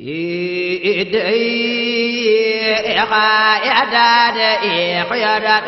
إيدي إخا إعداد إخيادات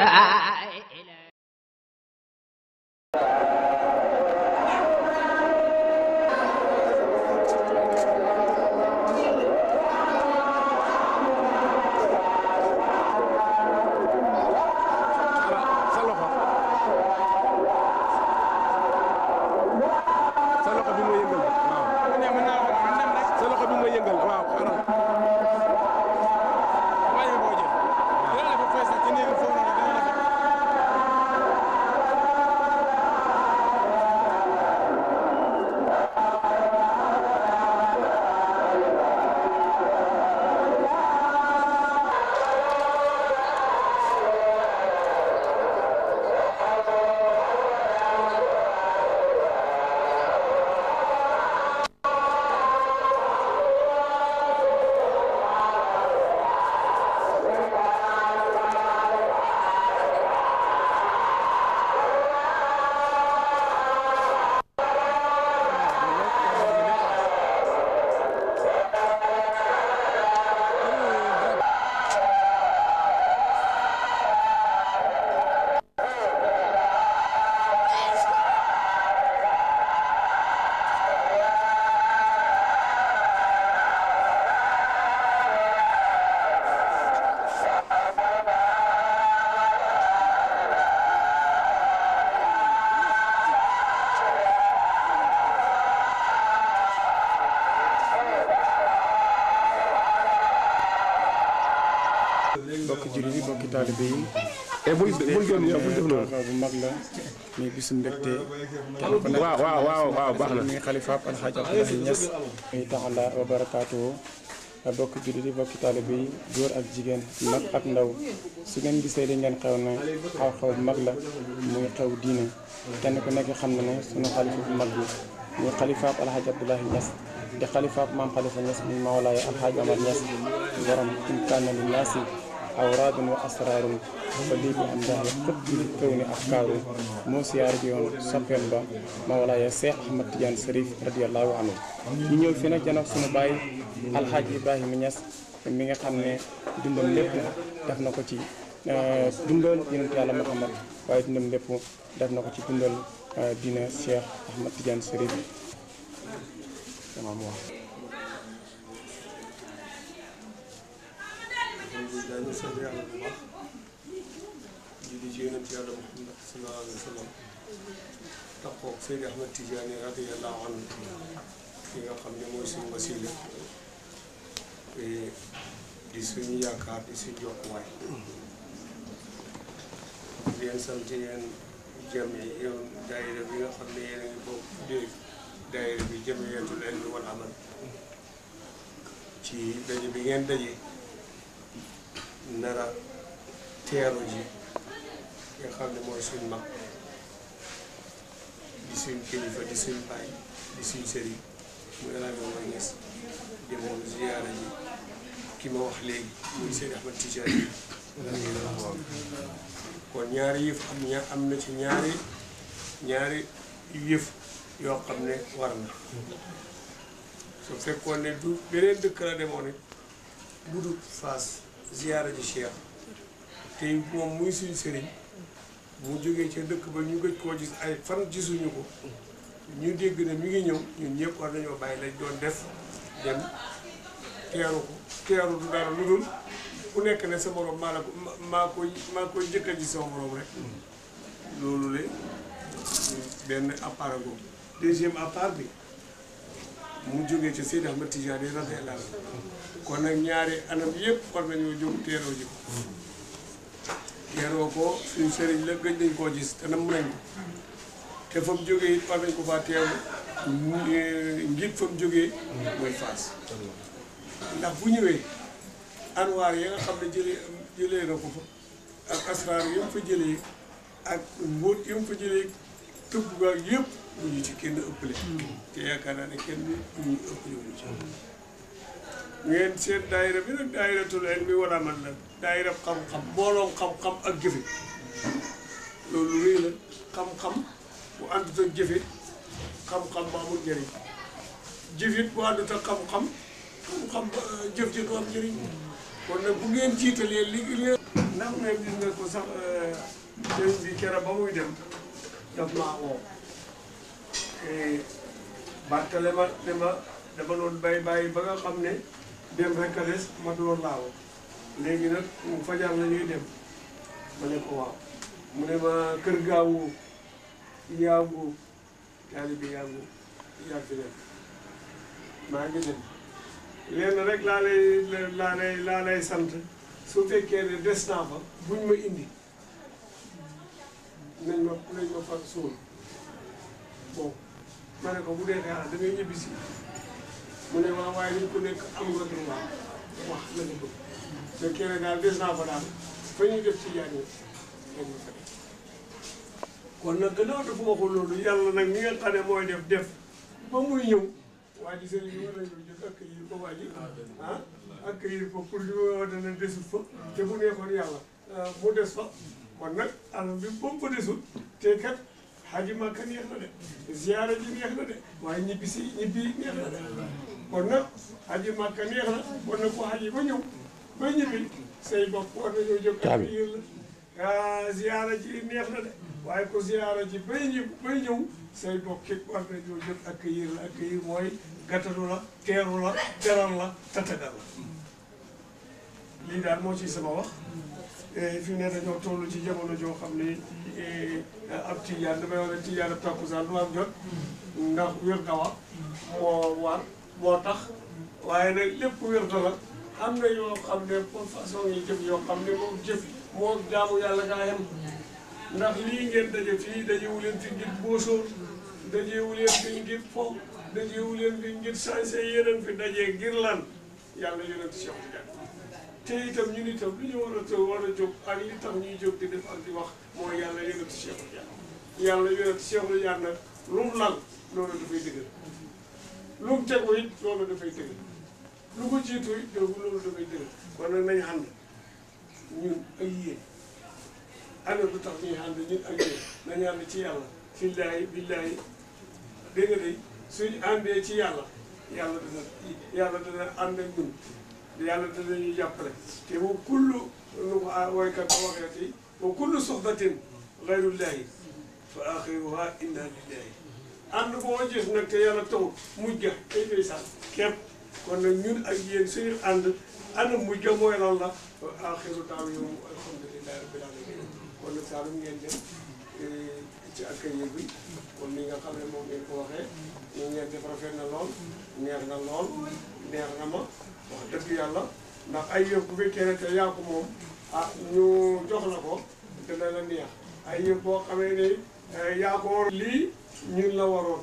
bokki jullit yi bokki bi yi. Eh, la muy bisu mbégte. waaw waaw waaw waaw baax na xalifaab Alxaaji Abdoulaye Niass. muy taxala wa barakaatu. bokk jullit yi bokki taalibe yi góor ak jigéen mag ak ndaw su ngeen gisee li ngeen xew na xaw xew bu mag la muy xew diine kenn ku nekk xam na ne sunu xalifa mag muy xalifaab Alxaaji Abdoulaye Niass di xalifaab maam xalifa Niass muy Mawlaay Alxaaji Amar Niass borom imkaana li naasi awraad wa asraar fa lii bi am la xëpp bi kaw ni afkaaru moo siyaar bi yoon soppeem ba mawlaaya Seex Ahmad Tijaan Sariif radiyallaahu anhu ñu ñëw fi nag janox sunu baay alxaaji Ibrahima Ñas mi nga xam ne dundam lépp def na ko ci euh, dundal yonent yàlla Muhammad waaye dundam lépp def na ko ci dundal euh, diina Seex Ahmad Tijaan Sariif tey di suñu yaakaar di suñu jokkuwaay di leen sant yéen jëm yi yow bi nga xam ne yéen a ngi bi jëm yéen tu leen di wan amal ci daje bi ngeen daje. nar a teeru ji nga xam ne mooy suñ mag di suñ kilifa di suñ baay di suñ sëriñ muy El Hadj Omar Niass demoon ziyaara ji ki ma wax léegi muy Seydi yi kon am na ci ñaari ñaari yëf yoo xam ne war na su fekkoon ne du beneen dëkk la demoon it bu dul Faas ziyaara ji Cheikh te moom muy suñu sëriñ mu jóge ca dëkk ba ñu gëj koo gis ay fan gisuñu ko ñu dégg ne mi ngi ñëw ñu ñëpp war nañoo bàyyi lañ doon def dem teeru ko teeru du dara lu dul ku nekk ne sa morom maa la ko maa koy maa koy jëkkal ji sama morom rek loolu le benn appart go deuxième appart bi mu jógee ca Seydi Ahmed Tidiane radiyallahu kon nag ñaari anam yëpp war nañoo jóg teeroo ji ko teeroo ko suñ sëriñ la gëj nañ koo gis te nam nañ ko te fa mu jógee it war nañ ko faa teew eh, ngir fa mu jógee mooy faas ndax bu ñëwee anwaar ya nga xam ne jëlee jëlee na ko fa ak asraar yi fa jëlee ak mbóot yi mu fa jëlee yëpp bu ñu ci kenn ëppale hmm. te yaakaar naa ne kenn bu ñu ëppale wuñu ci ngeen seet daayira bi nag daayiratul ilmi wala man la daayira xam-xam mbooloom xam-xam ak jëfe loolu réy la xam-xam bu àndut ak jëfe xam-xam ba amul njëriñ jëf it bu àndut ak xam-xam xam-xam euh, jëf ji du am njëriñ kon bu ngeen jiitalee li li ndax même gis nga ko sax euh, sëñ bi keroog ba muy dem daf maa woo eh, barkale ma ne ma dama doon bay bàyyi ba nga xam ne dem rek a des ma door laaw léegi nag fajar la dem ma ne ko waaw mu ne ma kër gaawu yaagu yaali bi yaagu yàgg fi dem maa ngi dem leen rek laa lay laa lay laa lay sant su fekkee ne des naa fa buñ ma indi nañ ma nañ ma far suul bon ma ne ko bu dee xaaral damay ñibbi mu ne ma waaye nit ku nekk am nga droit wax la nga bëgg mais kii rek daal des naa fa daal fa def ci jaan yi dañu fa def kon nag gannaaw dafa waxul loolu yàlla nag mi nga ne mooy def def ba muy ñëw waa ji sëriñ bi war nañu jël accueillir ko waa ji ah accueillir ko pour li ma wax dana desut fa yàlla ah, mu des fa kon nag alal bi boobu ko desut te kat xaji Makka neex na de ziyaara ji neex na de waaye ñibbi si ñibbi neex na de kon nag aji màkka neex na kon nag ku aji ba ñëw ba ñibbi say bopp war nañoo jóg la ah, ji neex na de bopp képp war nañoo jóg ak yéen la ak yéen mooy gàttalu la teeru la teral la tatagal la lii daal moo ci sama wax eh, fi mu ne dañoo ci jamono joo xam ne eh, ab tijaan damay wax ne tijaan ab takkusaan lu am jot ndax wér dawa moo war moo tax waaye nag lépp wérdu la am na yoo xam ne pour façon yi jëf yoo xam ne moom jëf moo jaamu yàlla gaa yem ndax lii ngeen daje fii dajewu leen fi ngir bóosóor dajewu leen fi ngir fo dajewu leen fi ngir sañse yeneen fi dajee ngir lan yàlla yonent Cheikh Tidiane te itam ñun itam li ñu war a tëw war a jóg ak li tam ñuy jóg di def ak di wax mooy yàlla yonent Cheikh Tidiane yàlla yonent Cheikh Tidiane lu mu lal loolu dafay dëgër lu mu tegu it loolu dafay tëgg lu ko jiitu it dafay tëgg kon nañ xam ñun ak yéen lu tax ñuy xam ne ñun ak yéen nañu ci yàlla fillaahi billaahi dégg nga de suñu ci yàlla yàlla dana yàlla dana ñun yàlla dana ñu jàppale te bu kullu nu ko ah woykat ba waxee fii bu kullu soxbatin gayrullaahi fa axiruha inna lillahi ànd boo gis nag te yàlla taw mujj ga ay ndeysaan képp kon nag ñun ak yéen suñu ànd ana mujj ga mooy lan la axiru daaw yow alhamdulilah rabbil alamin kon nag saalum ngeen dem eh, ci ak accueil bi kon ni nga xam ne moom ngeen ko waxee ñu ngeen def rafet na lool neex na lool neex na ma wax dëgg yàlla ndax ay yëf bu fekkee ne te yaa ko moom ah ñu jox la ko dina la neex ay yëf boo xamee ne eh, yaa ko lii ñu la waroon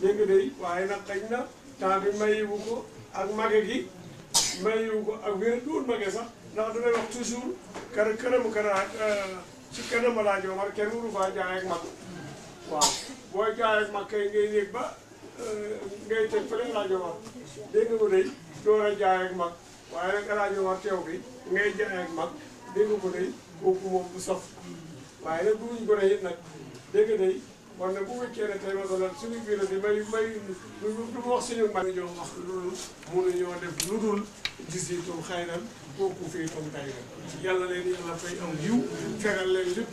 dégg nga day waaye nag xëy na temps bi mayiwu ko ak mage gi mayiwu ko ak wér duul mage sax ndax damay wax toujours kër këram këraat ci kanam laa jox war kenn wuru faa jaay ak mag waaw booy jaay ak mag kay ngay yëg ba ngay teg fële laa jox war dégg nga ko day door a jaay ak mag waaye nag laa jox war teew bi ngay jaay ak mag dégg nga ko day kooku moom bu sof waaye nag bu ñu ko day it nag dégg nga day walla bu fekkee ne tey masalan suñu biir di may may lu wax suñu man ñoo wax lu dul mun ñoo def lu dul gis yi xayran bokku fii comme tey yàlla leen yàlla leen ñu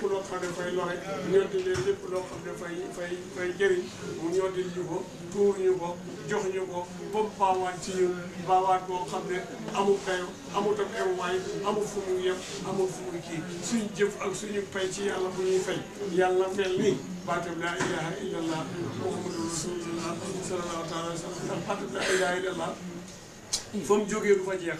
boo xam ne ak eruwaay amul yàlla bu ñuy fay yàlla mel ni baatam wa jógee du fa jeex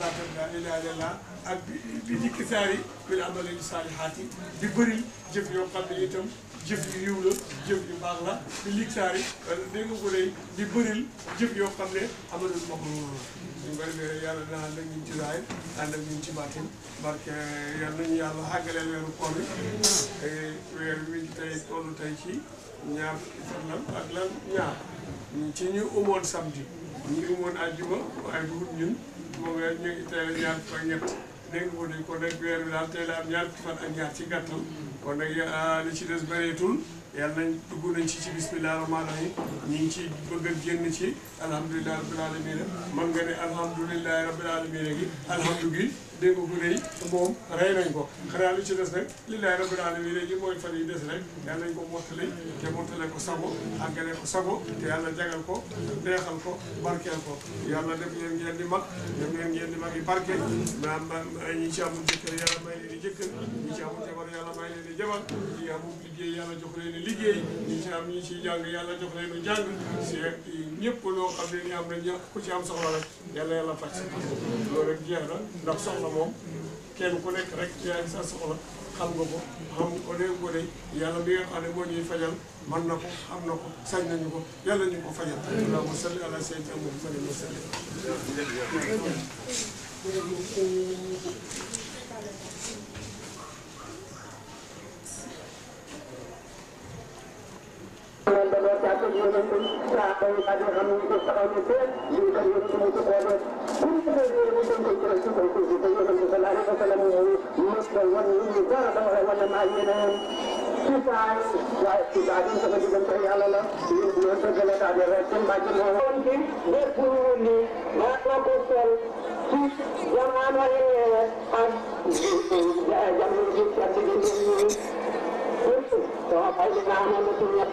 baatam laa ilaaha illallaah ak bi bi di kisaar yi bil amali saalihaat yi di bëri jëf yoo xam ne itam jëf yu yiw la jëf yu baax la di liksaar yi dégg nga di bëril jëf yoo xam ne amalul maxluur ñu koy defee yàlla na ànd ak ñun ci zaahir ànd ak ñun ci baatin barke yal nañu yàlla xàggale weeru koor yi weer wi tey toll tey ci ñaar fan lan ak lan ñaar ci ñu umoon samedi ñu umoon àjjuma waaye duhut ñun boobu rek ñu ngi teel a ñaar fan ak ñett dégg nga ko nag weer bi daal teel a am ñaar fan ak ñaar ci gàttal kon nag li ci des bëreetul. yàlla nañ dugg nañ ci ci bismillah rahmaan rahim ñu ngi ci bëgg a génn ci alhamdulilah rabbil alamina man nga ne alhamdulilah rabbil alamina gi alhamdu gi dégg ko rëy moom rey nañ ko xanaa lu ci des nag lillahi rabbil alamina gi mooy fan yi des rek yàlla nañ ko mottali te mottale ko sago àggale ko sago te yàlla jagal ko neexal ko barkeel ko yàlla def ngeen ngeen di mag def ngeen ngeen di mag yi barke maam ñi ci amul jëkkër yàlla may leen di jëkkër ñi ci amul jabar yàlla defal ñi amul liggéey yàlla jox leen liggéey ñi ci am ñi ciy jàng yàlla jox leen jàng si ñëpp loo xam ne ni am nañ ku ci am soxla rek yàlla yàlla faj si loolu rek jeex na ndax soxla moom kenn ku nekk rek yaa ngi sa soxla xam nga ko xam ko dee ko dee yàlla bi nga xam ne moo ñuy na ko xam na ko sañ nañu ko yàlla ñu ko fajal allahumma salli ala sayyidina muhammadin wa sallim saako yi ba nga xam ne ñu taxaw ne teel lii kat yëpp suñu ko boobu bu ñu defee lii ñu dem ko jëlee si kaw si te yonent bi sallallahu alayhi wa sallam mooy mosal wan nit ñi dara dama la wan maa yeneen ci saay waaye ci saa bi sama diggante yàlla la yéen bu leen dëggale kaa de rek seen bàjj moo woon ci def bu ñu ni maa ko ko sol ci jamono yeewe ak jamono ji ci ak diggante ñu ñu waaw ay dinaa ne ma ci ñett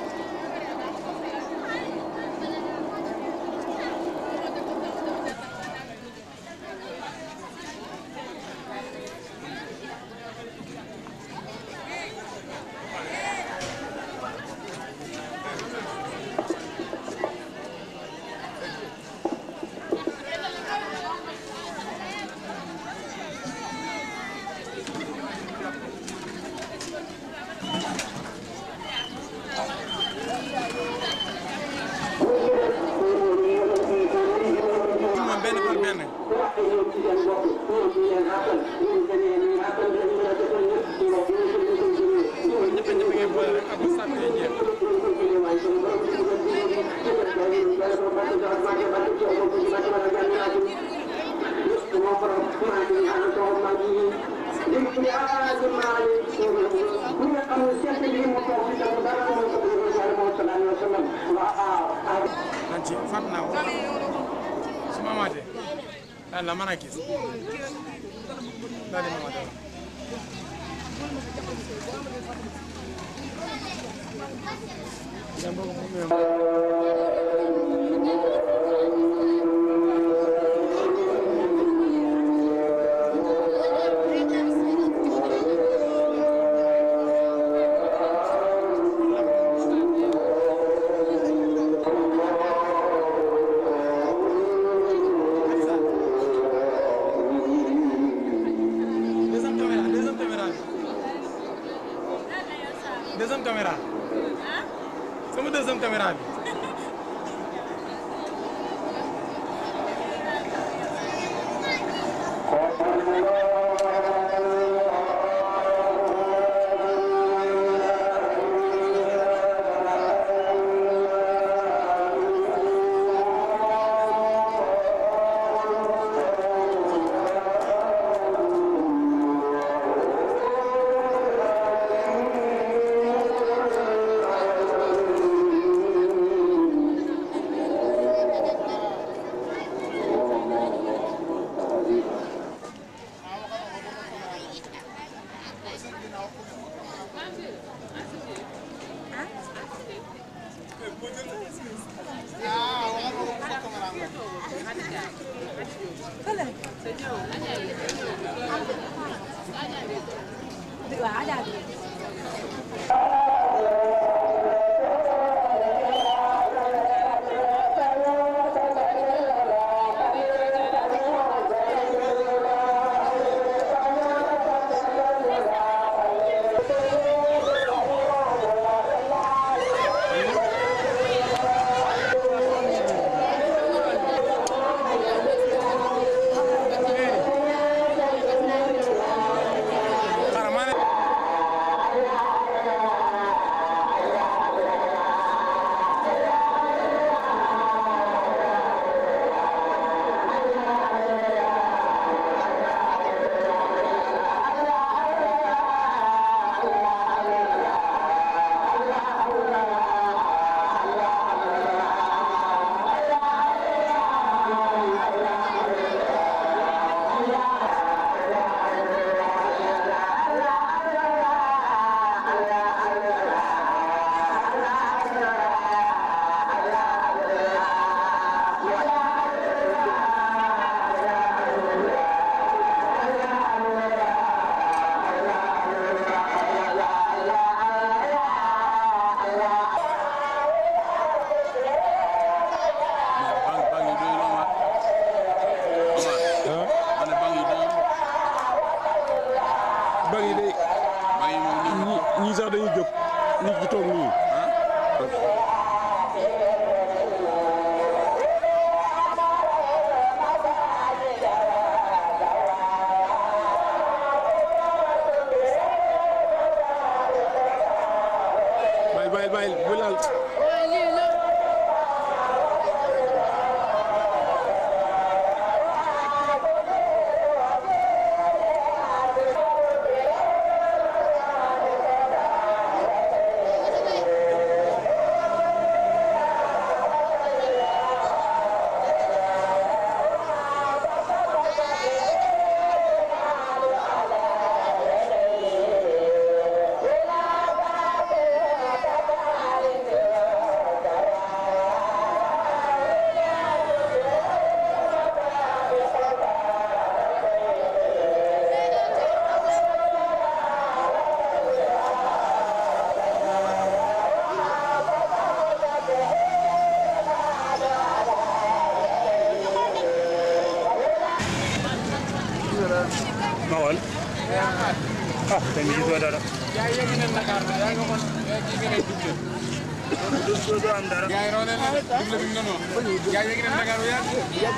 Needed.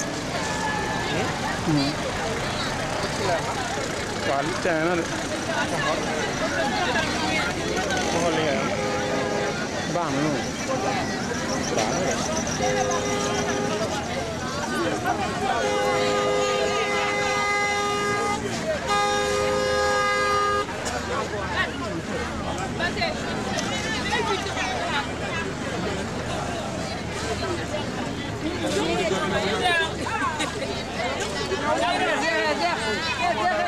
Hmm? Hmm. Farlig tjänar. Vad håller jag? Bannor. Bannor. Yeah, yeah, yeah.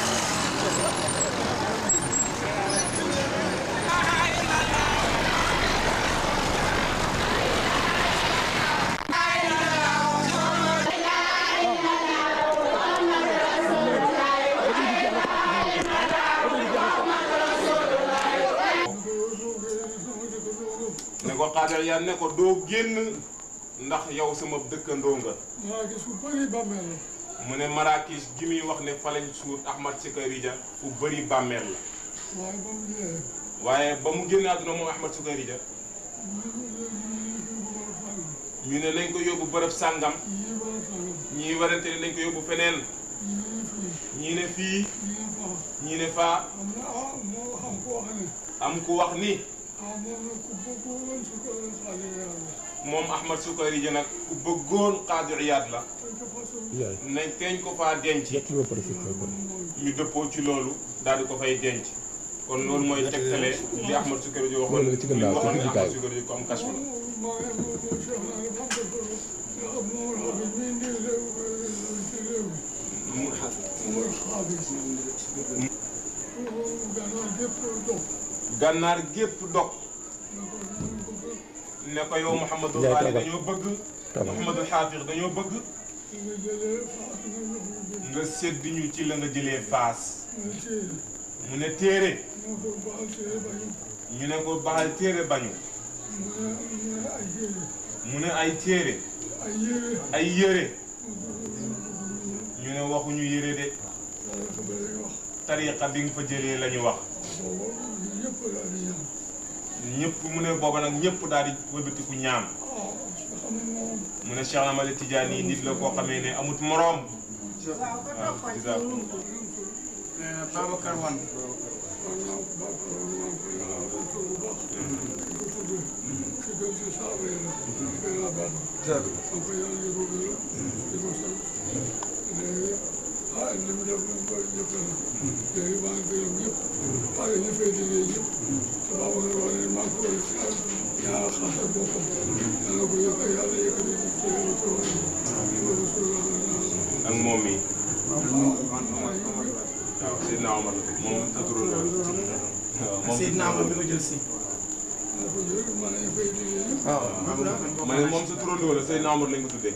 ko yaa ne ko doo génn ndax yow sama dëkkandoo nga. Marrakech fu bëri bàmmeel la. mu ne Marrakech gi muy wax ne fa lañ suur Ahmad Sikarija fu bëri bàmmeel la. waaye ba mu génnee. àdduna moom Ahmad Sikarija. ñu ne nañ ko yóbbu bërëb sàngam. ñii warante ne nañ ko yóbbu feneen. ñii ne fii. ñii ne faa. Ah, am ku wax ni. moom Ahmad Sukari ji nag ku bëggoon Qaadi Iyaad la. nañ teñ ko faa denc. ñu dëppoo ci loolu daal di ko fay denc. kon loolu mooy tegtale li Ahmad Sukari ji waxoon li mu waxoon ko am kas la. gànnaar gépp dog ne yow Mouhamadul Waali dañoo bëgg Mouhamadul Xaafir dañoo bëgg nga sedd ñu ci la nga jëlee faas mu ne téere ñu ne ko baxal téere bañu mu ne ay téere ay yére ñu ne waxuñu yére de tariqa bi nga fa jëlé lañu wax ñepp mu ne bobu nak ñepp daal di wëbëti ku ñaan mu ne Cheikh amadou Tidiane nit la ko xamé né amut morom Babacar Wan Thank you. waaye li mu def moom mooy ñëpp la léegi maa ngi gërëm ñëpp waaye ñu fay liggéey ñëpp te baax na wax ne maa ngi koy xaar ñaar xaar boppam yàlla ko yëg ak yàlla yëkkati ci ci réew ci wàllu li ma ko suul wax na ak moom mi waaw Seydina Omar moom sa tur la moom Seydina Omar bi ma jël si waaw ma ne moom sa turandoo la Seydina Omar lañ ko tuddee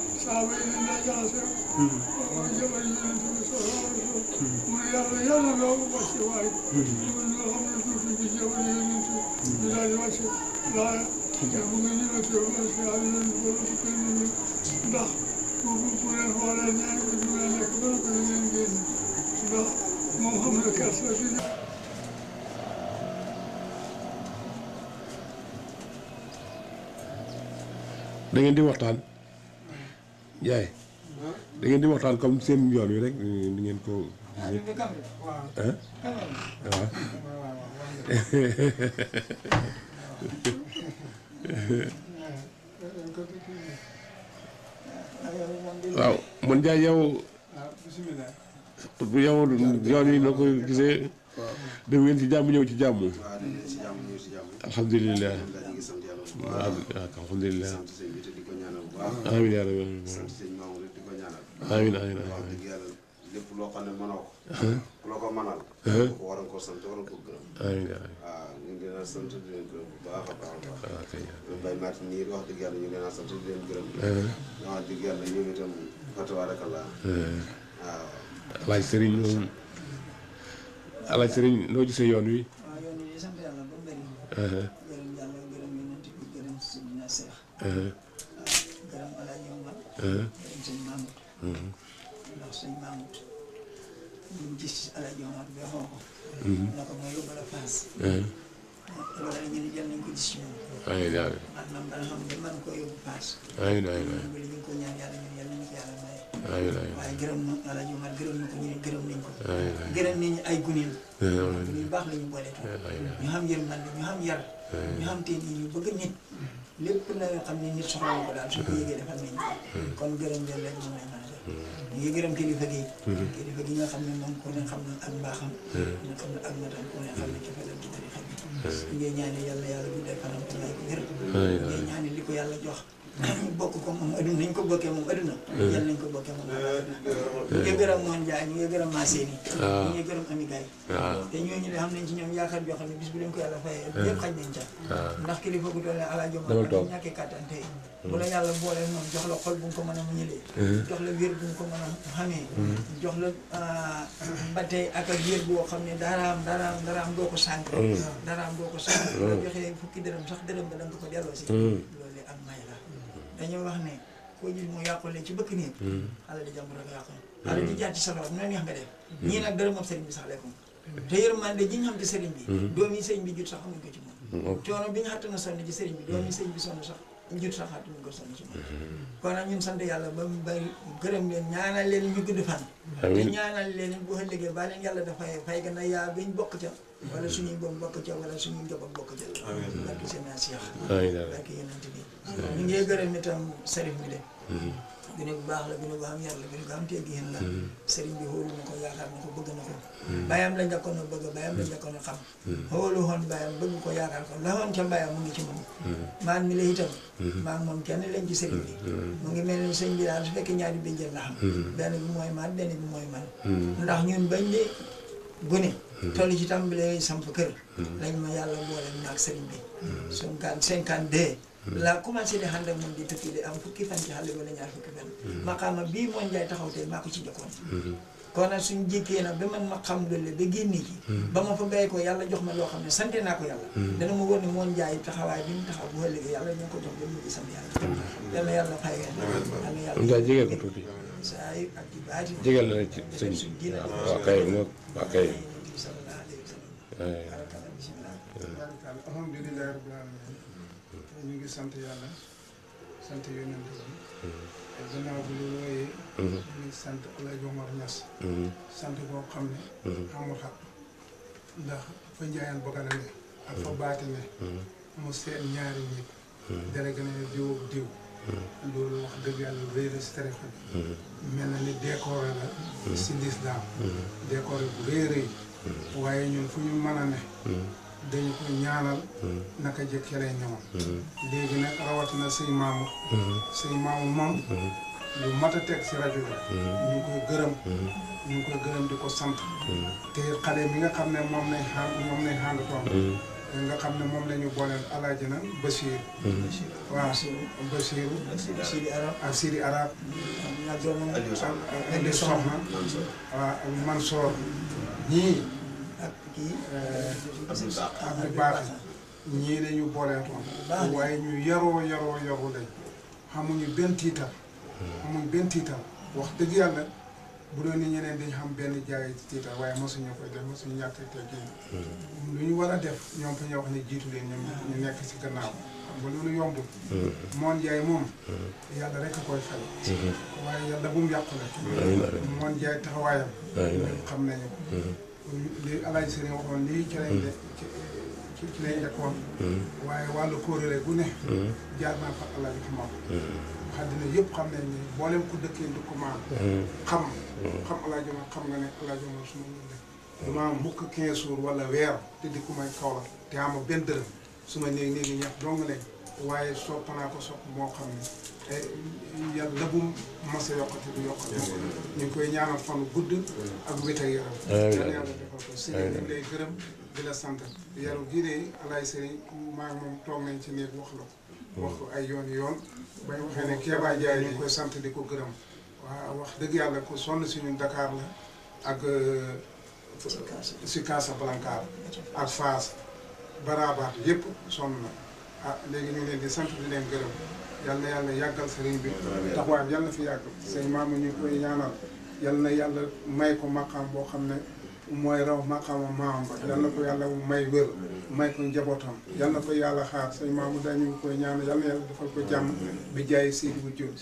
saaba yi dañ daa jaxase waaw jabar yi yonent bi sallallahu mu ne yàlla yàlla loo wàcce waay ñun ñoo xam ne dootuñ ci jabar yonent ñu daal di wàcce laa bu nga ñëwete saaba yonent boobu su kenn ñu ndax bu bu leen xoolee ñaari ko ñu leen nekk bala ko leen génn ndax moom xam na kersa si da ngeen di waxtaan yaay dangeen di waxtaan comme seen yoon wi rek ni ngeen ko. ah waaw. waaw man Ndiaye yow. bu yow yoon noo ko gisee. dem ngeen ci jàmm ñëw ci jàmm. alhamdulilah. alhamdulilah sant sëñ bi te di ko ñaanal bu baax. amiin yaa rabbi amiin sant sëñ Maodo di ko ñaanal. amiin amiin amiin wax dëgg yàlla lépp loo xam ne mënoo ko. ku la ko mënal. ko war a ko sant war a ko gërëm. amiin amiin waaw ñu ngi leen a sant di leen gërëm bu baax a baax a baax. waaw kay Baye Martin nii wax dëgg yàlla ñu ngi leen a sant di leen gërëm. wax dëgg yàlla ñoom itam fatabaarakallah. waaw. alaaj sëriñ loolu alaaj sëriñ loo gisee yoon wi. waaw yoon wi sant yàlla ba mu bëri. gërëm El Hadj gërëm sëñ gis El Hadj Omar ñu ko ay daal maanaam dana ñaan yàlla ñun yàlla ñu ko yàlla maye. gërëm na El ko ñu ne gërëm nañ ko. ay daal gërëm baax la ñu boole. ñu xam yërmande ñu xam yar. ñu xam te ni ñu bëgg nit. lépp la nga xam ne nit soxla na ko daal su ko yëgee defal nañ ko kon gërëm leen rek moom lañ mën a def ñu ngi gërëm kilifa gi kilifa gi nga xam ne moom ku ne xam ne ak mbaaxam ku ne xam ne ak matam ku ne xam ne ci fadal ci tarixa bi ñu ngi ñaane yàlla yàlla guddal fanam ko may ko wér ñu ngi ñaane li ko yàlla jox ñu ko moom adduna ñu ko bokkee moom adduna eh. nañ ko bokkee moom eh, ñu ngi eh. gërëm moon Ndiaye ñu ngi gërëm Massé ah. ah. te ñooñu de xam nañ ci ñoom yaakaar joo xam ne bis bu leen ko yàlla fayee yëpp xaj ah. ndax kilifa gu doole alaajo moom ñàkkee kàttan tey hmm. yàlla boolee moom jox la xol bu nga ko mën a hmm. jox la wér bu ko mën hmm. jox la ba tey ak ak boo xam ne daraam daraam daraam doo ko sànq daraam doo ko sànq la joxee fukki dërëm sax dërëm ba danga ko delloo si dañuy wax ne koo jël mu yàqule ci bëkk néeg hmm. xale di jàmbur rek yàqule xale di hmm. jaar ci sa loxo nu neex nga def hmm. ñii nag dara moom sëriñ bi sax lekkum te yërmande ji ñu xam ci sëriñ bi doom sëriñ bi jur sax xamuñ ko ci moom coono bi ñu xatt na sonn ci sëriñ bi doom sëriñ bi sonn sax njur sax xaatuñ ko sonn si moom. kon nag ñun sant yàlla ba mu bari gërëm leen ñaanal leen ñu gudd fan. amiin di ñaanal leen bu ëllëgee ba leen yàlla dafay fay gën a yaa biñ bokk ca. wala suñuy boom bokk ca wala suñuy njaboot bokk ca. amiin barki seen asiya. amiin barki yeneen bi. ñu ngi gërëm itam sarif mi de. gune bu baax la gune bu bi yar la gune bu am teggin la hmm. sëriñ bi xóolu na ko yaakaar na ko bëgg na ko hmm. bàyyam la njëkkoon a bëgg bàyyam la njëkkoon a xam xóolu hmm. woon bàyyam bëgg ko yaakaar ko la woon ca bàyyam mu ngi ci moom maan mi la itam maa ngi moom kenn lañ ci sëriñ bi mu ngi mel ni sëriñ bi daal su fekkee ñaari béjjën la xam benn bi mooy maan benn bi mooy man ndax ñun bañ de gune toll ci tàmbalee samp kër lañ ma yàlla boole naag sëriñ bi cinquante cinquante deux la commencé di xànd ak moom di tukki di am fukki fan ci xale wala ñaar fukki fan. Mm-hmm. maqaama bii moo njaay taxaw tey maa ko ci jokkoon. Mm-hmm. kon nag suñu jékkee nag ba man ma xam loolu ba génne ji. Mm-hmm. ba ma fa bàyyi ko yàlla jox ma loo xam ne sant naa ko yàlla. dana ma wóor ne moo njaay taxawaay bi mu taxaw bu ëllëgee yàlla ñu ko jox ba mu ngi sant yàlla. yàlla yàlla fay leen. yàlla jege ko tuuti. saa yu ak baati. jege la ci sëñ bi kay moom waaw kay. alhamdulilah. ñu ngi sant yàlla sant yonent bi te mm-hmm. gannaaw bu loolu wooyee mm-hmm. ñu ngi sant Alaaji Omar Ñas mm-hmm. sant koo xam ne amul xat ndax fa njaayaan bokkane ne ak fa baati ne mu seen ñaari nit dara gën a diw diw loolu wax dëgg yàlla rëy la si tarixa mel na ni décoré la si lislaam décoré bu rëy rëy waaye ñun fu ñu mën a ne dañu ko ñaanal. Mm-hmm. naka jëkk lay ñëwoon. Mm-hmm. léegi nag rawatina sëñ maamu. Mm-hmm. sëñ maamu moom. lu mat a teg si rajo bi. ñu ngi koy gërëm. ñu ngi gërëm di ko sant. te xale mi nga xam ne moom lañ xaar moom lañ xaar toon. nga xam ne moom la ñu booleel alaaji na Bachir. waaw Bachir. ak Sidi a ak Sidi Arab. ak kii. Abdou euh, Ba Abdou ñii dañu booleetoon. waaye ñu yaroo yaroo yaroo lañ. xamuñu benn tiital. xamuñu benn tiital wax dëgg yàlla bu doon ni ñeneen di xam benn jaay ci tiital waaye mosuñu koy def mosuñu ñàkk a teggee. Hmm. lu ñu war a def ñoom fa ñu wax ni jiitu leen ñu nekk ci gannaaw. ba loolu yombul. Hmm. moon jaay moom. Hmm. yàlla rek a koy fay. waaye yàlla bu mu yàqu moon jaay taxawaayam. xam nañu li Alaaji Sëriñ waxoon lii ci lañ mm. de ci ci lañ njëkkoon mm. waaye wàllu kóorale gu ne mm. jaar naa fa Alaaji yëpp xam nañ ne boolem ku dëkkee du xam xam Alaaji Omar xam nga ne Alaaji Omar suma ñu de du mukk quinze jours wala weer te di ko may kaw la te ama benn dërëm su ma néeg néegi ñax dong waaye sopp naa ko sopp moo xam ne te yàlla bu mos a yokkati du yokkati ñu ngi koy ñaanal fan gudd ak wét ak yaram yàlla defal ko si ñu lay gërëm di la sant yaru gii de alaay sëriñ maa moom toog nañ ci néeg wax la ko wax ko ay yoon yoon bañ waxee ne Kéba Ndiaye ñu ngi koy sant di ko gërëm waaw wax que yàlla ku sonn si ñun Dakar la ak si Casablanca ak Fass Baraabaat yëpp sonn ah léegi ñu ngi leen di sant di leen gërëm yal na yàlla yàggal sëriñ bi taxawaayam yal na fi yàgg sëñ maamu ñu koy ñaanal yal na yàlla may ko maqaam boo xam ne mooy raw maqaama maam ba yal na ko yàlla may wér may ko njabootam na ko yàlla xaar sëñ maamu dañu ngi koy ñaanal yal na yàlla defal ko jàmm bi jaay Sidi bu Diop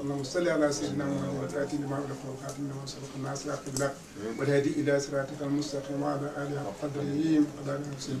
allahumma salli ala sayyidina Muhammad ati lima ughliqa xaatim limaa sabaqa naasiril haqqi bil haqqi wal haadi ilaa siraatikal mustaqiim wa alaa aalihi haqqa qadrihi wa miqdaarihil aziim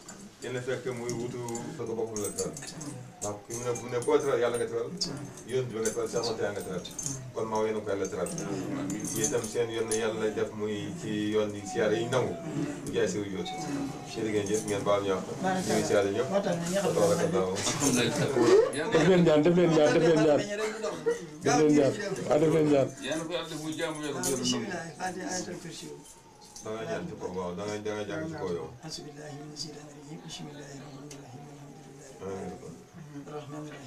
yéen fekk muy wutu sa ko bokkul ak dara ndax ne bu ne koo teral yàlla nga teral yéen bi nga teral Cheikh Matia nga seen yoon ne yàlla def muy ci yoon yi siyaare yi nangu ñu jaay siwu yoot sërigéen jëf ngeen baal ñu wax ñu ngi siyaare ñëpp tabarakallahu def leen ñaan def leen ñaan def leen ñaan def leen ñaan ah def leen ñaan danga ñaan ci kaw waaw danga danga jàng ci kaw yow asbillahi min shaytanir rajim bismillahir rahmanir rahim alhamdulillahi rahmanir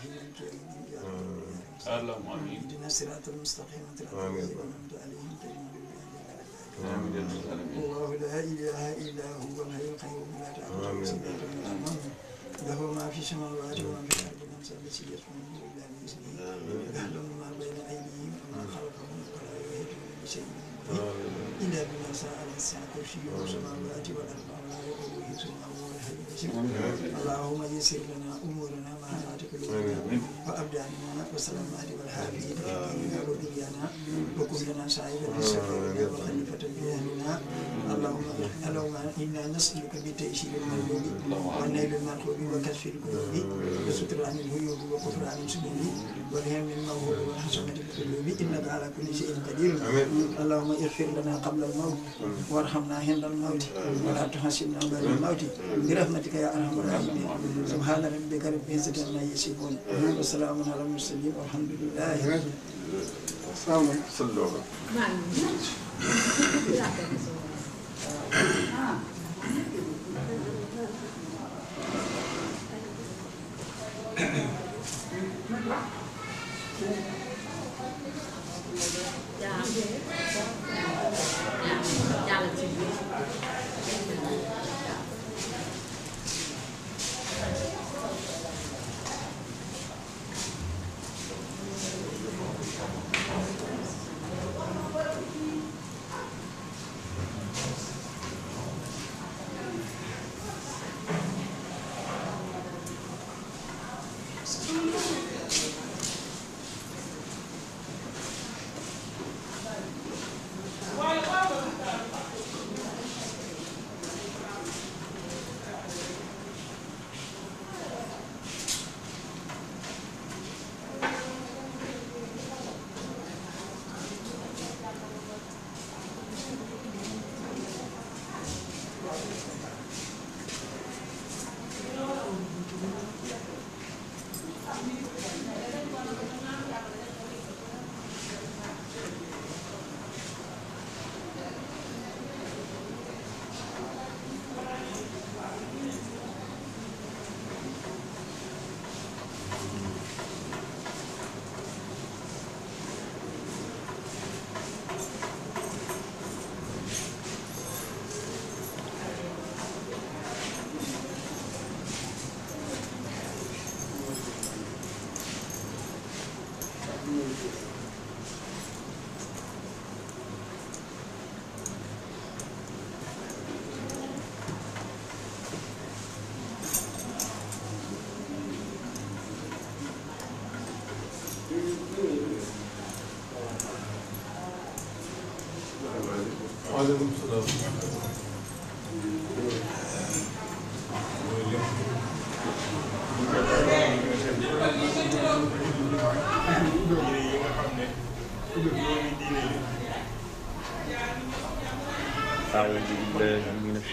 rahim allahumma amin ihdina siratal mustaqim amin الله لا إله إلا هو الحي القيوم لا تأخذه سنة له ما في السماوات وما في الأرض من ثبت يسمعه إلا بإذنه يعلم ما بين أيديهم وما خلفهم ولا يهتم بشيء إلى بما سأل الساقشي وسمع الولاة والأربع ولا يؤويه سمعه والحديث اللهم يسر لنا أمورنا وأبدانا وسلام عليك والحامدين وبيانا وكن لنا سعيدا بسفرنا وخلفة بأهلنا اللهم اللهم إنا نسألك بتيسير المظلوم والنيل المطلوب وكشف الكروب وستر عن الهيوب وكفر عن السبيل والهم الموهوب والحسنة القلوب إنك على كل شيء قدير اللهم اغفر لنا قبل الموت وارحمنا عند الموت ولا تحاسبنا بعد الموت برحمتك يا أرحم الراحمين سبحان ربك رب العزة عما يصفون اهلا وسهلا على المرسلين والحمد لله صلوا صلوا Yeah.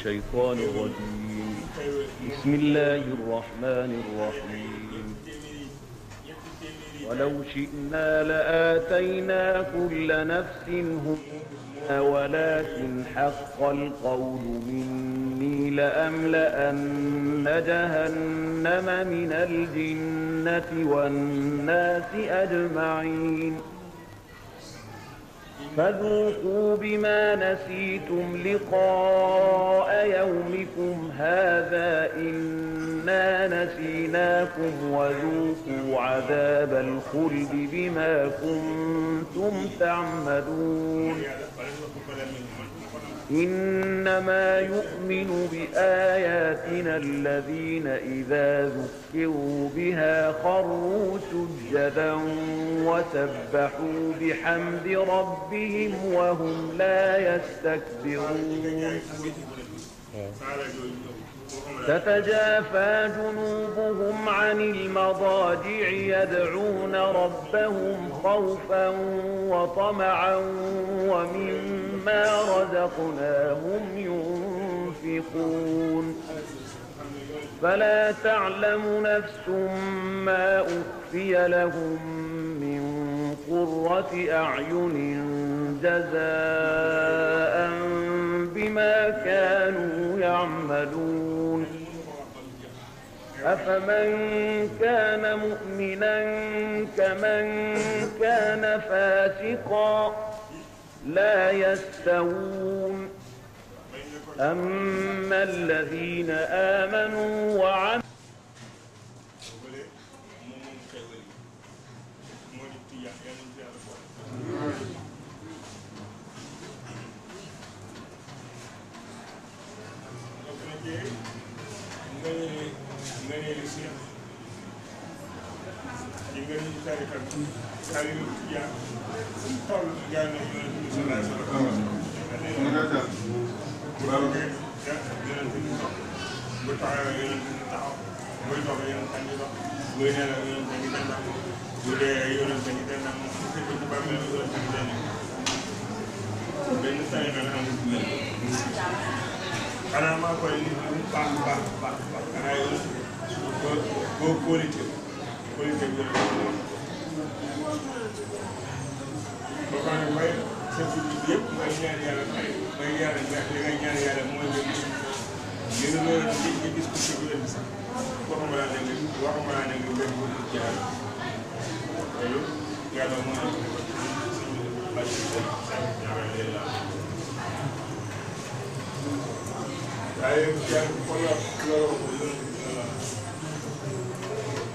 الشيطان الرجيم بسم الله الرحمن الرحيم ولو شئنا لآتينا كل نفس هدى ولكن حق القول مني لأملأن جهنم من الجنة والناس أجمعين فذوقوا بما نسيتم لقاء يومكم هذا إنا نسيناكم وذوقوا عذاب الخلد بما كنتم تعمدون إنما يؤمن بآياتنا الذين إذا ذكروا بها خروا سجدا وسبحوا بحمد ربهم وهم لا يستكبرون تتجافى جنوبهم عن المضاجع يدعون ربهم خوفا وطمعا ومن مما رزقناهم ينفقون فلا تعلم نفس ما أخفي لهم من قرة أعين جزاء بما كانوا يعملون أفمن كان مؤمنا كمن كان فاسقا لا يستوون أما الذين آمنوا وعملوا yi nga nuyu tarixam xale yu jaar suñ toll jaar na ñu ne ñu salaay salaam. waaw waaw nga tax. waaw nga tax dina fi ñu toog bu taxawee yeneen fi ñu taxaw buy dox yeneen fan yi dox buy nelaw yeneen fan yi dem ak moom bu dee yeneen fan yi dem ak moom bu fekkee ci bari yeneen yeneen fan yi dem ak moom benn tarix la am ci mel. xanaa maa koy li mu baax baax baax baax xanaa yow boo boo politique waaye yàlla bu ko yàq looloo ko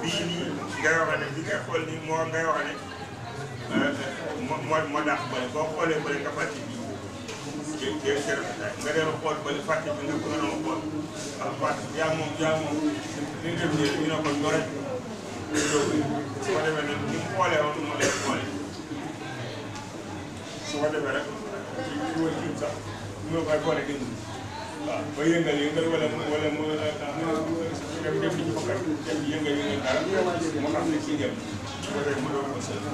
bii nii ngay wax ne bi ngay xool nii moo ngay wax ne moo euh, moo moo dàq bële boo xoolee bële nga fàtte bii jéem jéem si rafetaay nga dem xool bële fàtte bi nga gënoon xool parce que fàtte yaa moom yaa moom li nga def nii dina ko ñore su ko defee nag ni mu xoolee woon moo lay xoolee su ko defee rek ci ci wàllu jiw sax ñu ngi koy boole dindi waaw ba yëngal yëngal wala mu wala mu. Euh, dem dem di ko fekk dem di yëngal yëngal dara mu xam ne kii dem bu ko defee mu doon ko sël bu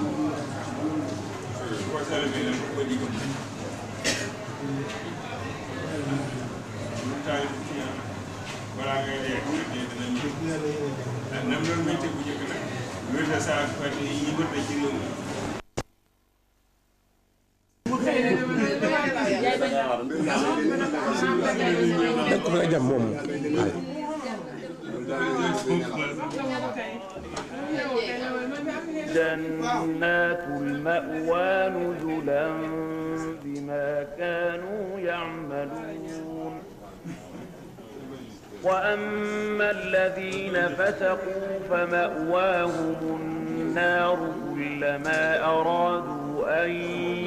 ko sëlee leen ko digal mu taal ci balaa ngay dee xam ne dinañ ñëw nam doon métti bu njëkk nag wér na saa fat yi wër na ci réew mi dëkk fa jam moom جنات المأوى نزلا بما كانوا يعملون وأما الذين فسقوا فمأواهم النار كلما أرادوا أن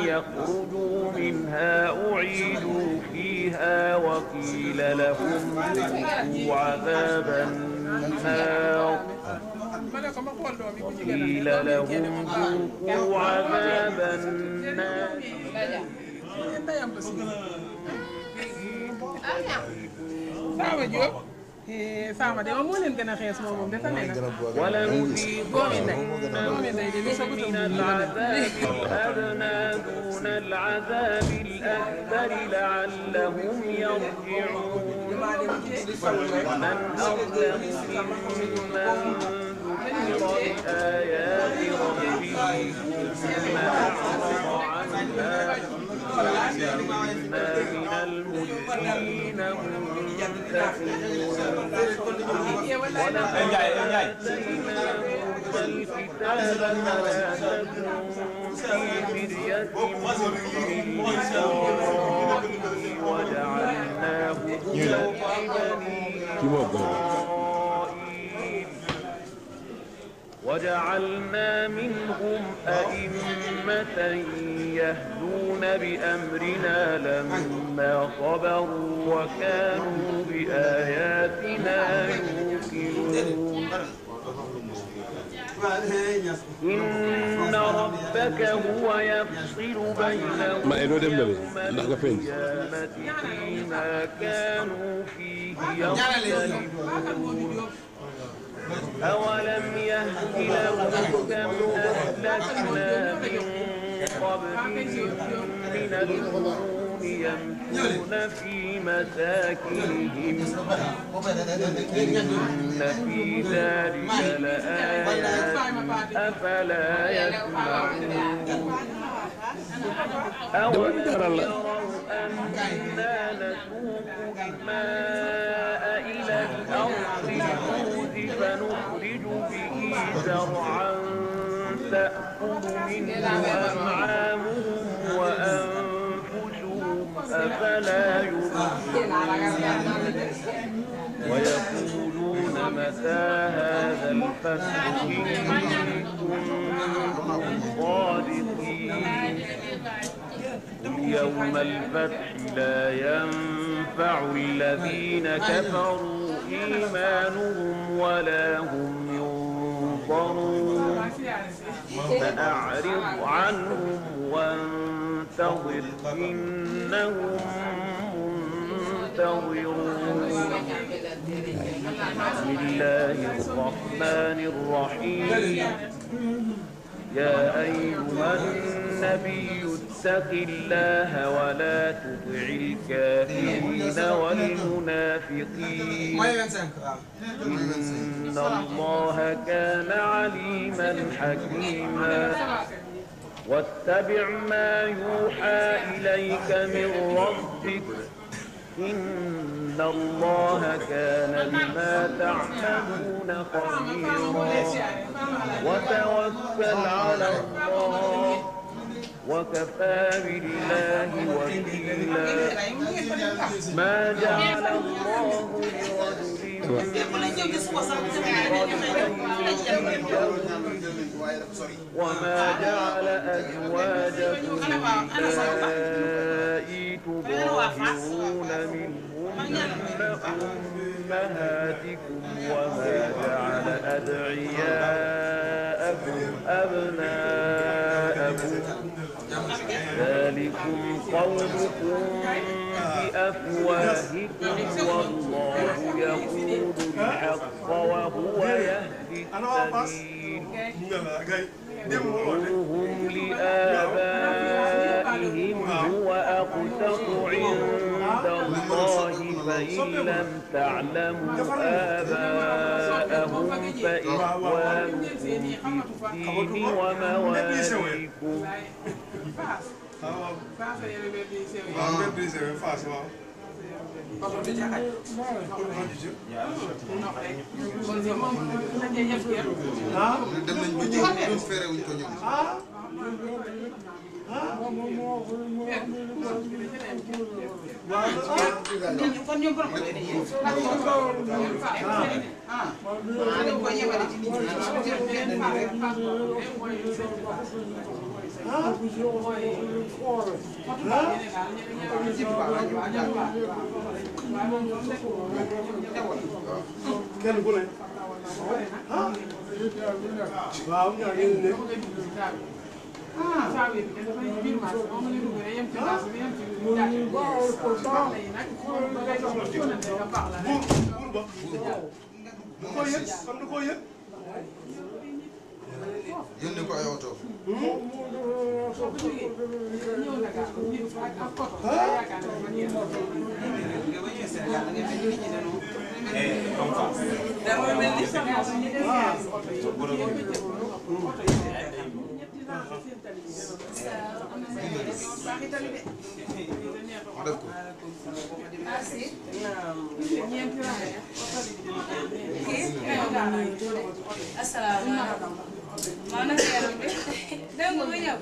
يخرجوا منها أعيدوا فيها وقيل لهم ذوقوا عذاب النار قيل لهم ذوقوا عذاب ولنذيقنهم دون العذاب الاكبر لعلهم يرجعون من اظلم ممن آيات ربه ثم أعرض عنها وإنا من المجرمين منتهون ولقد آتيناهم الكتاب ما في مرية وجعلناه هدى لبني وجعلنا منهم أئمة يهدون بأمرنا لما صبروا وكانوا بآياتنا يوقنون إن ربك هو يفصل بينهم يوم القيامة فيما كانوا فيه يختلفون أولم يهد لهم كم أهلكنا من قبلهم من القرون يمشون في مساكنهم إن في ذلك لآيات أفلا يسمعون أولم يروا أنا نسوق الماء إلى الأرض شرعا تأكل منه أنعامهم وأنفسهم أفلا يبصرون ويقولون متى هذا الفتح إن كنتم صادقين قل يوم الفتح لا ينفع الذين كفروا إيمانهم ولا هم فأعرض عنهم وانتظر إنهم منتظرون بسم الله الرحمن الرحيم يا أيها النبي اتق الله ولا تطع الكافرين والمنافقين إن الله كان عليما حكيما واتبع ما يوحى إليك من ربك إن الله كان بما تعملون خبيرا وتوكل على الله وكفى بالله وكيلا ما جعل الله لرجل وما جعل أزواجكم اللائي تظاهرون منهن أمهاتكم وما جعل أدعياءكم أبناءكم ذلكم قولكم بأفواهكم والله وهو يهدي السبيل لآبائهم هو أقسط عند الله فإن لم تعلموا آباءهم فإخوانكم في الدين ومواليكم oto du ca xaj. kon de moom bu fekkee yëf yëf. dem nañ ba jiw bi doon feere wuñ ko ñoom. kon ñoom borom dañuy yéen. ah dañu ko yebale ci nit ñi. kenn ku ne waaw ñoo ngi ne bu ko yëg xam na ko yëg yónni ko ay oto. asalaamaaleykum maa naka yaram bi dégg nga la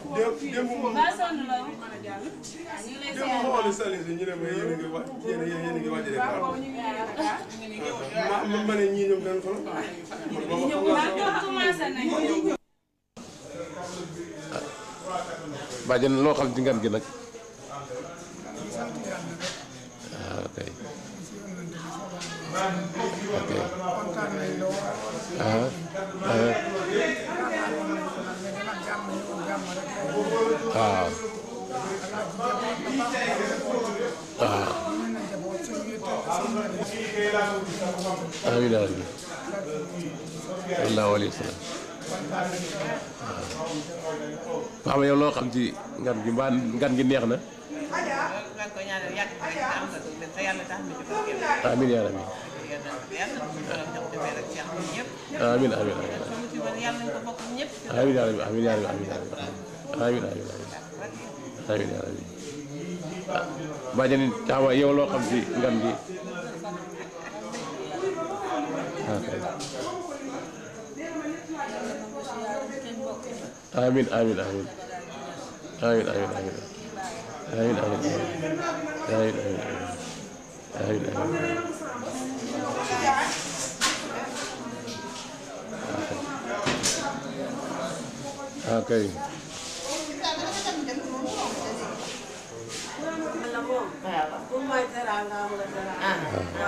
loo xam ci ngan gi nag. waaw ah, ok. ok. Ah. amiin amiin sallallahu alayhi wa sallam nga xam ne yow loo xam ci ngan gi mbaa ngan gi neex na. amiin yaa rabbi amiin amiin amiin yaa rabbi amiin yaa rabbi amiin amiin amiin yaa rabbi baa jënd taxawaay yow loo xam ci ngan gi. هكذا آمين آمين آمين آمين آمين آمين آمين آمين آمين آمين آمين آمين هكذا هكذا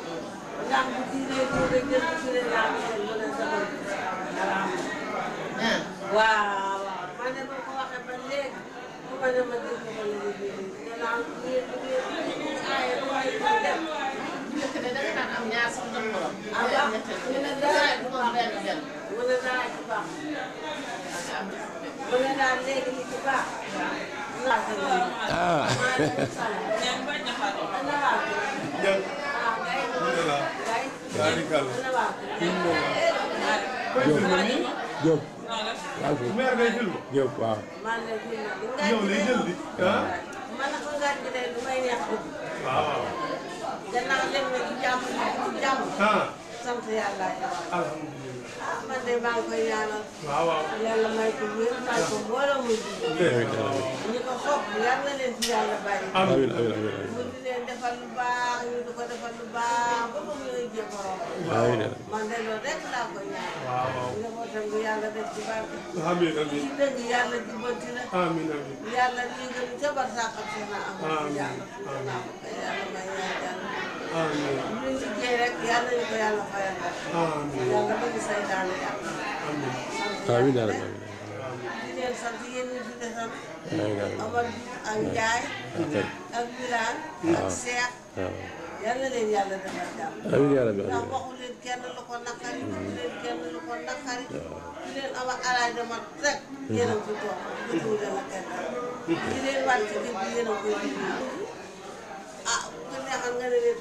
waaw ma ne ma ko waxee ba léegi ku ma ne ma dégg ko la liggéey nga naan ñii ñii ñii aaye lu waay ñu dem. njëkk ne da nga naan am ñaar sax ndox morom. ah waaw mu ne daal bu baax mu ne daal ci baax. mu ne daal léegi li ci baax. ah. Diop Diop waaw. yow lay jël di ah. waaw. gannaaw léegi nag jàmm jàmm. sant yàlla. alhamdulilah. ah man de maa ngi koy ñaanal. waaw waaw yàlla may ko wér may ko mbooloo muy dund. ñu ko xob yàlla na leen ci yàlla bàyyi. amiin amiin amiin mu di leen defal lu baax ñu di ko defal lu baax ba mu ngi jëm borom. amiin man de loolu rek laa koy ñaan. waaw waaw njabootam bi yàlla def ci barke. amiin amiin ci dëgg yàlla jubbanti na. amiin amiin yàlla lii nga lu ca barsàq ak seen am. amiin amiin yàlla may ñaan yàlla. lu ci jëlee rek yal nañu ko yàlla fayal la. yàlla bëgg say daal la yàlla. amiin amiin amiin di leen sant yéen ñi fi desal. Omar ak Ndiaye. ak Bilal. ak Cheikh. yàlla leen yàlla defal jàmm. amiin yaa rabbi ndax waxu leen kenn lu ko naqari. waxu leen kenn lu ko naqari. di leen am ak alaay dama rek. yéen a ngi fi toog jotul leen ak kenn. di leen wàcc ci yéen a koy am nga ne ne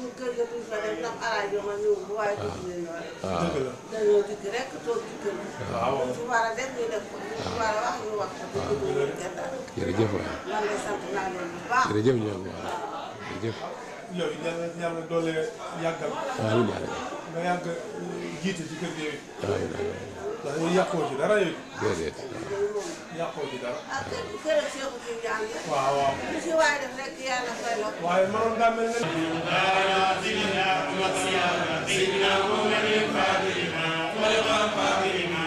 ñu kër ga touché dem ndax alaaj ma ñëw bu waaye dugg leen ah, ah. lool. dañoo dikk rek toog ci kër gi. Ah, waaw su war a def ñu def ko. wax ñu wax ko. waaw jërëjëf kër gi. ndax yooyu yàqoo ci dara yooyu. déedéet yàqoo ci dara. ah kër waaw waaw. lu si waay def rek yàlla koy lor. waaye maanaam daa mel ne.